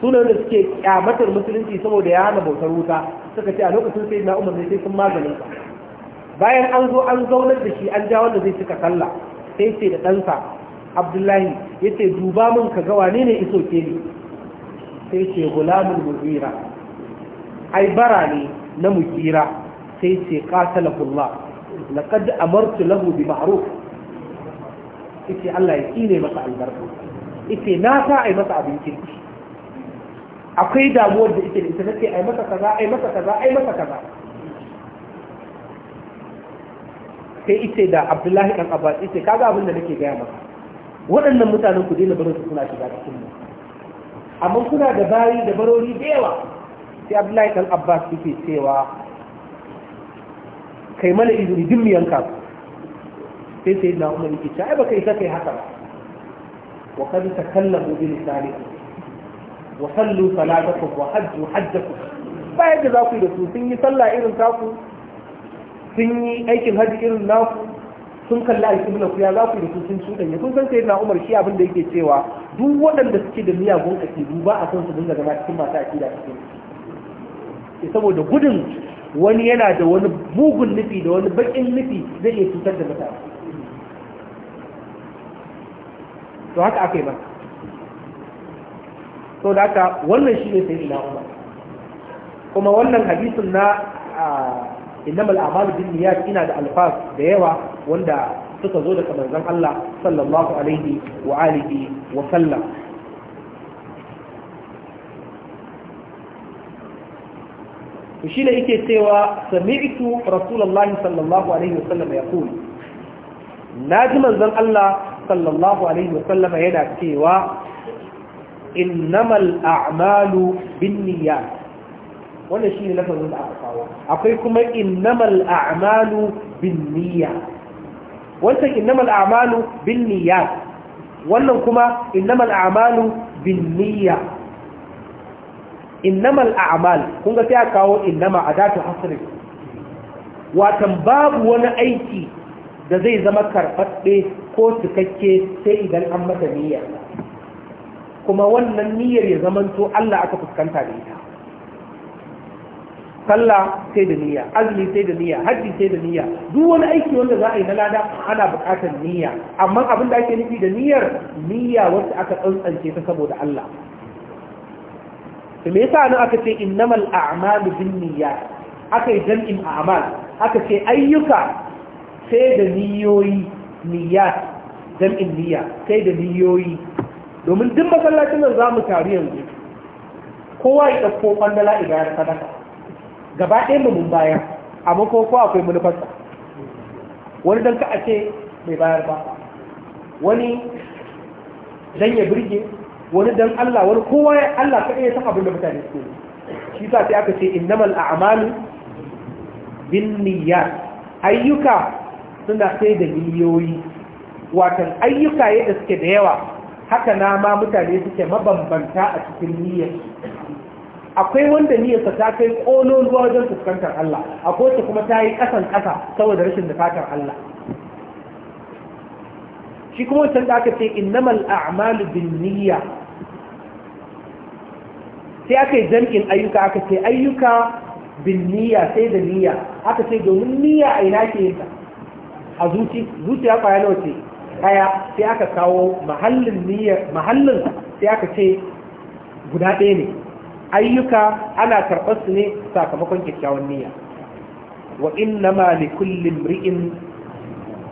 sunan da suke kyamatar musulunci saboda ya hana bautar wuta suka ce a lokacin sai na umar ne sai sun maganin sa bayan an zo an zaunar da shi an ja wanda zai cika sallah sai ce da ɗansa abdullahi ya ce duba mun ka ga wane ne iso ke ni sai ce gulamun mugira ai bara ne na mugira sai ce qatalahullah a martu lahu bi ma'aru Ita Allah ya tsine masa albarka Ita na sa ai masa abinci. akwai damuwar da ita da ita take ai masa kaza ai masa kaza ai masa kaza sai ita da Abdullahi ɗan Abbas ita kaga abin da nake gaya masa waɗannan mutanen ku daina barin su suna shiga cikin mu amma kuna da bayi da barori da yawa sai abdullahi dan abbas yake cewa kai mana izini duk mu yanka sai sai na umar yake cewa ai kai isa kai haka ba wa kad takallamu bi lisanikum wa sallu salatakum wa hajju hajjakum bayan da za ku yi da su sun yi sallah irin taku sun yi aikin hajji irin naku sun kalli a ibn ku za ku da su sun ya sun san na umar shi abin da yake cewa duk waɗanda suke da miyagun akidu ba a son su dinga zama cikin masu akida cikin saboda gudun wani yana da wani mugun nufi da wani baƙin nufi zai iya cutar da mutane to haka aka yi ba to da haka wannan shi ne na umar kuma wannan hadisin na ah, innamal a'malu binniyat ina da alfas da yawa wanda suka zo daga manzon Allah sallallahu alaihi wa alihi wa sallam shi ne yake cewa sami'tu rasulullahi sallallahu alaihi wasallam ya kuli na ji manzon Allah sallallahu alaihi wasallam yana cewa innamal a'malu binniyat wannan shi ne lafazin da aka akwai kuma innamal a'malu bin niyya wancan innamal a'malu bin niyya wannan kuma innamal a'malu bin niyya innamal a'mal kun ga sai aka kawo innama adatu hasri watan babu wani aiki da zai zama karfaɗe ko cikakke sai idan an mata niyya kuma wannan niyyar ya zamanto Allah aka fuskanta da ita sallah sai da niyya azumi sai da niyya hajji sai da niyya duk wani aiki wanda za a yi na lada ana buƙatar niyya amma abin da ake nufi da niyyar niyya wacce aka tsantsance ta saboda Allah to me yasa nan aka ce innamal a'malu binniyat aka yi jam'in a'mal aka ce ayyuka sai da niyoyi niyyat jam'in niyya sai da niyoyi domin duk masallacin nan za mu taru yanzu kowa ya ɗauko ƙwandala idan sadaka gaba ɗaya mun bayar amma ko ko akwai manufarsa wani dan ka a ce mai bayar ba wani dan ya birge wani dan Allah wani kowa ya Allah kaɗai ya san abin da mutane su yi shi sa sai aka ce innamal a'malu bin niyyat ayyuka suna sai da miliyoyi watan ayyuka yadda suke da yawa haka na ma mutane suke mabambanta a cikin niyyar akwai wanda niyyarsa ta kai ruwa wajen fuskantar Allah akwai wacce kuma ta yi ƙasan ƙasa saboda rashin bukatar Allah shi kuma wancan da aka ce innamal a'malu bin niyya sai aka yi jam'in ayyuka aka ce ayyuka bin niyya sai da niyya aka ce domin niyya a ina ke yinta a zuci ya kwaya nawa ce kaya sai aka kawo mahallin niyya mahallin sai aka ce guda ɗaya ne ayyuka ana karɓar su ne sakamakon kyakkyawan niyya wa inna ma li kulli imri'in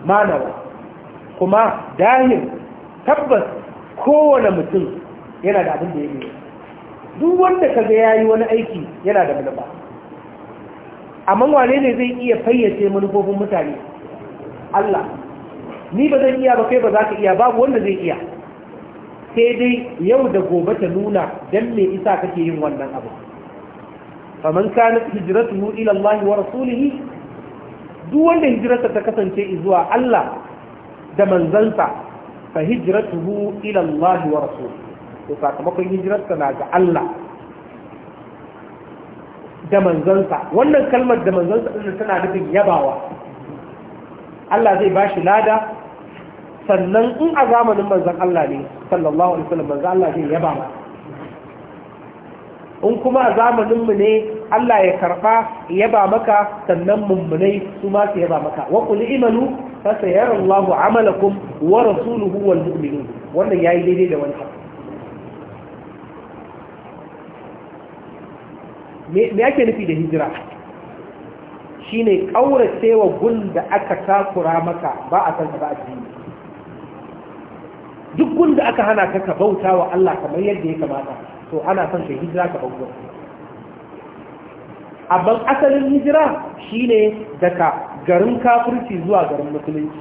ma kuma dahir tabbas kowane mutum yana da abin da ya yi duk wanda ka ga yayi wani aiki yana da manufa amma wane ne zai iya fayyace manufofin mutane Allah ni ba zan iya ba kai ba za ka iya babu wanda zai iya sai dai yau da gobe ta nuna dan me isa kake yin wannan abu faman kanat hijratuhu ila Allah wa rasulih duk wanda hijirarsa ta kasance zuwa Allah da manzansa fa hijratuhu ila Allah wa rasulih to sakamakon hijirarsa na ga Allah da manzansa wannan kalmar da manzansa din tana nufin yabawa Allah zai bashi lada sannan in a zamanin manzon Allah ne sallallahu alaihi wasallam manzon Allah zai yaba masa in kuma a zamaninmu ne Allah ya karɓa yaba maka sannan mummunai su ma su yaba maka wa qul imanu fa sayara amalakum wa rasuluhu wal mu'minun wannan yayi daidai da wannan me me yake nufi da hijira shine kauracewa gun da aka takura maka ba a san ba a cikin duk wanda aka hana ka ka bauta wa Allah kamar yadda ya kamata to ana son ka hijira ka bauta abban asalin hijira shine daga garin kafirci zuwa garin musulunci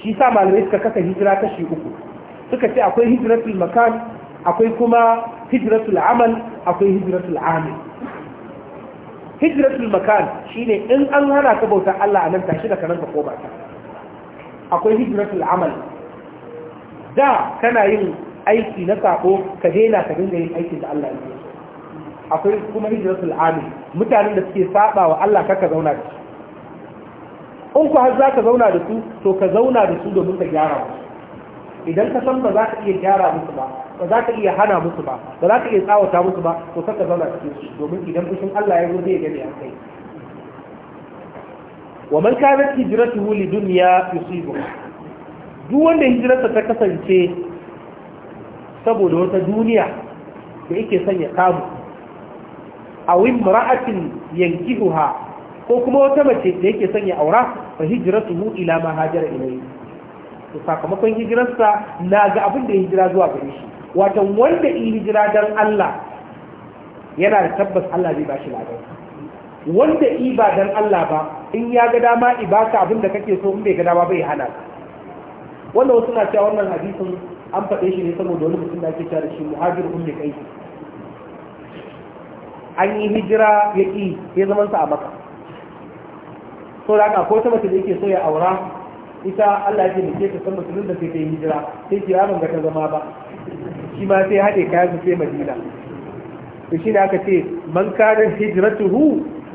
shi sa malamai suka kasa hijira kashi uku suka ce akwai hijiratul makan akwai kuma hijiratul amal akwai hijiratul amil hijiratul makan shine in an hana ka bauta Allah a nan tashi da kanan ka koma ka ta akwai hijiratul amal da kana yin aiki na sako ka daina ka dinga yin aiki da Allah ya akwai kuma hijiratul amal mutanen da suke saba wa Allah kaka zauna da su in ku har zaka zauna da su to ka zauna da su domin ka gyara musu idan ka san ba za ka iya gyara musu ba ba za ka iya hana musu ba ba za ka iya tsawata musu ba to ka zauna cikin su domin idan kushin Allah ya zo zai gane a kai wa man kanat hijratuhu lidunya yusibu duk wanda hijirarsa ta kasance saboda wata duniya da yake son ya kamu a wim ra'atin yankihuha ko kuma wata mace da yake son ya aura fa hijratuhu ila ma hajara ilayhi to sakamakon hijirarsa na ga abin da ya hijira zuwa gare shi wato wanda yi hijira dan Allah yana da tabbas Allah zai ba shi ladan wanda yi ba dan Allah ba in ya ga dama ibaka abin da kake so in bai ga dama bai hana ka wannan wasu na cewa wannan hadisin an faɗe shi ne saboda wani mutum da ake cewa da shi muhajir ummi kai an yi hijira ya ƙi ya zaman sa a maka so da haka ko ta mace da yake so ya aura ita Allah ya ce ta san musulun da sai ta yi hijira sai ce yaron ga ta zama ba shi ma sai haɗe kayan su sai madina to shi ne aka ce man karin hijiratuhu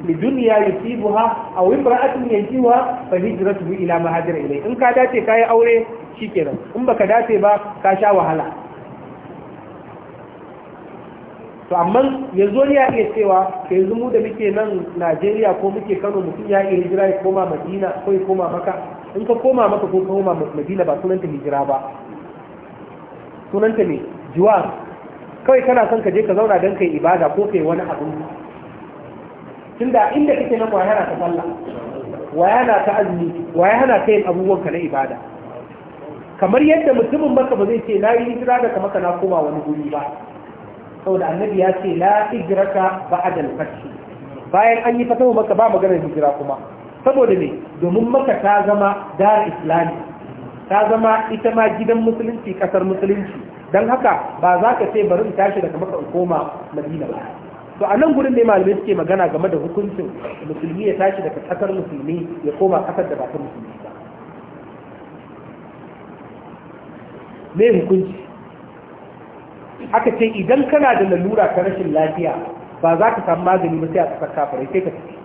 لدنيا يصيبها أو امرأة ينجوها فهجرته إلى ما هاجر إليه إن كاداتي كاي أولي شكرا إن بكداتي با كاشا وهلا to amma yanzu ya iya cewa yanzu mu da muke nan Najeriya ko muke Kano mutum ya iya hijira ya koma Madina ko ya koma maka, in ka koma maka ko koma Madina ba sunanta hijira ba sunanta ne juwa kawai kana son ka je ka zauna don kai ibada ko kai wani abin tunda inda kake nan wa yana ta sallah wa yana ta azumi wa yana ta yin abubuwan ka na ibada kamar yadda mutumin maka ba zai ce na yi hijira daga maka na koma wani guri ba saboda annabi ya ce la hijraka ba'da al-fath bayan an yi fatawa maka ba maganar hijira kuma saboda ne domin maka ta zama dar islami ta zama ita ma gidan musulunci kasar musulunci don haka ba za ka ce bari in tashi daga maka in koma madina ba to a nan gurin ne malamai suke magana game da hukuncin musulmi ya tashi daga kasar musulmi ya koma kasar da ba ta musulmi ba me hukunci aka ce idan kana da lalura ta rashin lafiya ba za ka samu magani ba sai a kasar kafirai sai ka tafi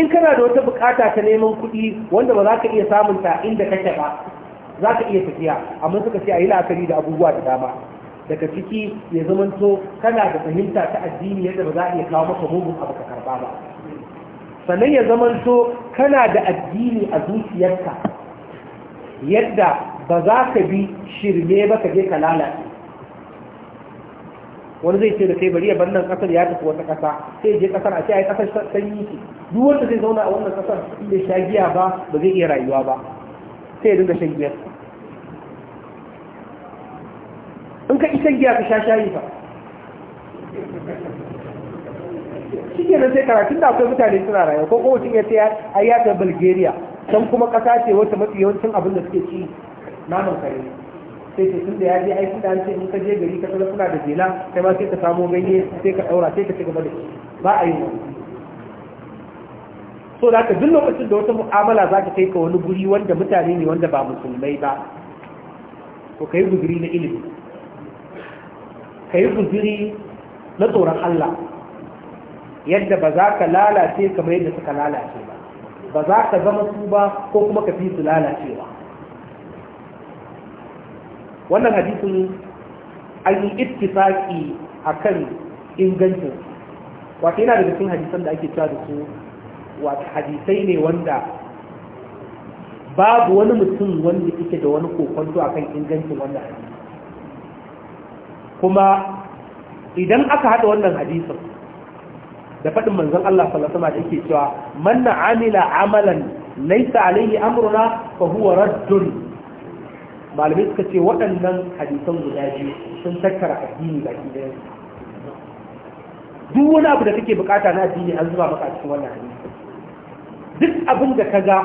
in kana da wata bukata ta neman kuɗi wanda ba za ka iya samunta inda kake ba za ka iya tafiya amma suka ce a yi la'akari da abubuwa da dama daga ciki ya zamanto kana da fahimta ta addini yadda ba za a iya kawo maka mugun abu ka karba ba sannan ya zamanto kana da addini a zuciyarka yadda ba za ka bi shirme ba ka je ka lalace wani zai ce da kai bari ya bar nan kasar ya tafi wata kasa sai je kasar a ce ai kasar sanyi ce duk wanda zai zauna a wannan kasar ya sha giya ba ba zai iya rayuwa ba sai ya dinga shan giyarsa in ka isan giya ka sha shayi fa shi ke sai karatun da akwai mutane suna rayuwa ko kuma mutum ya ce a ya ta bulgaria can kuma ƙasa ce wata mafi yawancin abin da suke ci naman kare sai ce tun da ya je aiki da an ce in ka je gari ka tsara suna da jela kai ma sai ka samo ganye sai ka ɗaura sai ka ci gaba da shi ba a yi wani so da ka duk lokacin da wata mu'amala za ka kai ka wani guri wanda mutane ne wanda ba musulmai ba ko ka yi guduri na ilimi ka yi guziri na tsoron Allah yadda ba za ka lalace kamar yadda suka lalace ba ba za ka zama su ba ko kuma ka fi su lalacewa wannan hadisin an yi ittifaki a kan ingancin wata yana da cikin hadisan da ake cewa da su wata hadisai ne wanda babu wani mutum wanda yake da wani kokonto kan ingancin wannan hadisi kuma idan aka haɗa wannan hadisun da faɗin manzan Allah sallallahu alaihi wasallam da yake cewa manna amila amalan laisa alaihi amruna fa huwa raddun malamai suka ce waɗannan hadisan guda biyu sun tattara addini baki ɗaya duk wani abu da kake bukata na addini an zuba maka cikin wannan hadisi duk abin da ka ga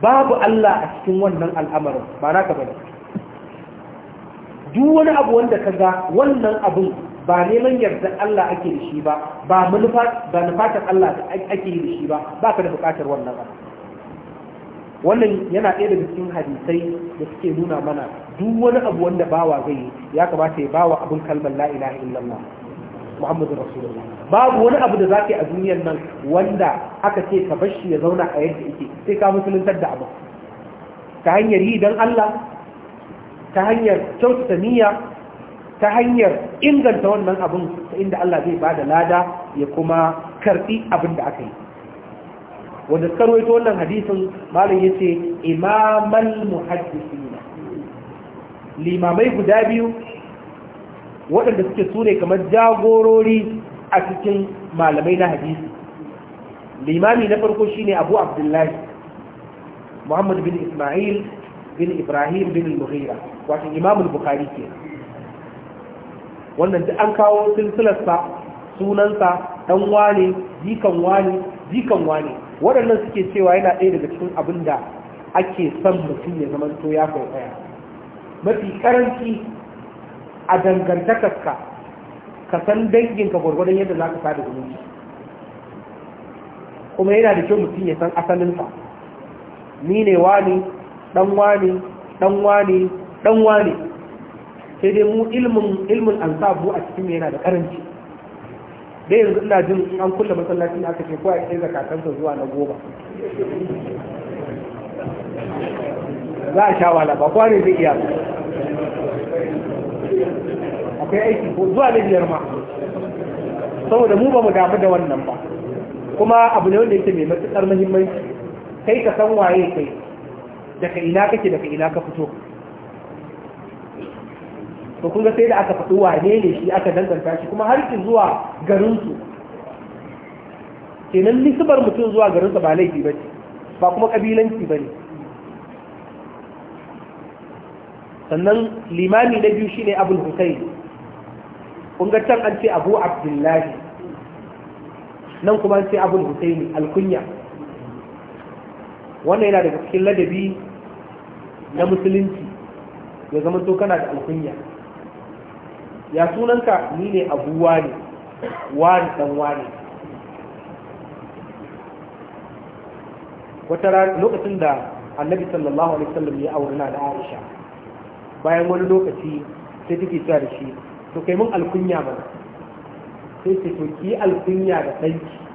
babu Allah a cikin wannan al'amarin ba ka bane duk wani abu wanda ka ga wannan abun ba neman yarda Allah ake da shi ba ba manufa ba nufatar Allah ake yi da shi ba ba ka da bukatar wannan abu wannan yana ɗaya daga cikin hadisai da suke nuna mana duk wani abu wanda bawa zai yi ya kamata ya bawa abun kalmar la ilaha illallah muhammadu rasulullah babu wani abu da zaka yi a duniyar nan wanda aka ce ka bar shi ya zauna a yadda yake sai ka musuluntar da abu ta hanyar yi don Allah ta hanyar kyautata niyya ta hanyar inganta wannan abin inda Allah zai ba da lada ya kuma karbi abin da aka yi wanda suka ta wannan hadisin malam ce imamal muhaddisina limamai guda biyu waɗanda suke sune kamar jagorori a cikin malamai na hadisi limami na farko shine Abu Abdullahi Muhammadu bin Ismail bin ibrahim bin mughira wato imam bukhari ke wannan duk an kawo sunan sunansa dan wane jikan wane jikan wane waɗannan suke cewa yana ɗaya daga cikin abinda ake son mutum ya zama to ya tsaya mafi karanci a dangantakarka ka san danginka gwargwadon yadda za ka sada zumunci kuma yana da kyau mutum ya san asalinsa ni ne wani dan wani dan wani dan wani sai dai mu ilmin ilmin ansabu a cikin yana da karanci dai yanzu ina jin in an kulle masallacin aka ce ko a kai zakatansa zuwa na goma za a sha wala ba kwanin zai iya akwai aiki ko zuwa na biyar ma saboda mu ba mu damu da wannan ba kuma abu ne wanda yake mai matuƙar muhimmanci kai ka san waye kai daga ina kake daga ina ka fito to kun ga sai da aka faɗi wane ne shi aka danganta shi kuma har ki zuwa garinsu kenan nisbar mutum zuwa garinsa ba laifi ba ba kuma ƙabilanci ba ne sannan limami na biyu shine abul husayn kun ga can an ce abu abdullahi nan kuma an ce abul husayn alkunya wannan yana daga cikin ladabi na musulunci ya zama to kana da alkunya ya sunanka ni ne abu wani wani dan wani wata lokacin da annabi sallallahu alaihi wasallam ya aure na da Aisha bayan wani lokaci sai take cewa da shi to kai mun alkunya ba sai ce to ki alkunya da danki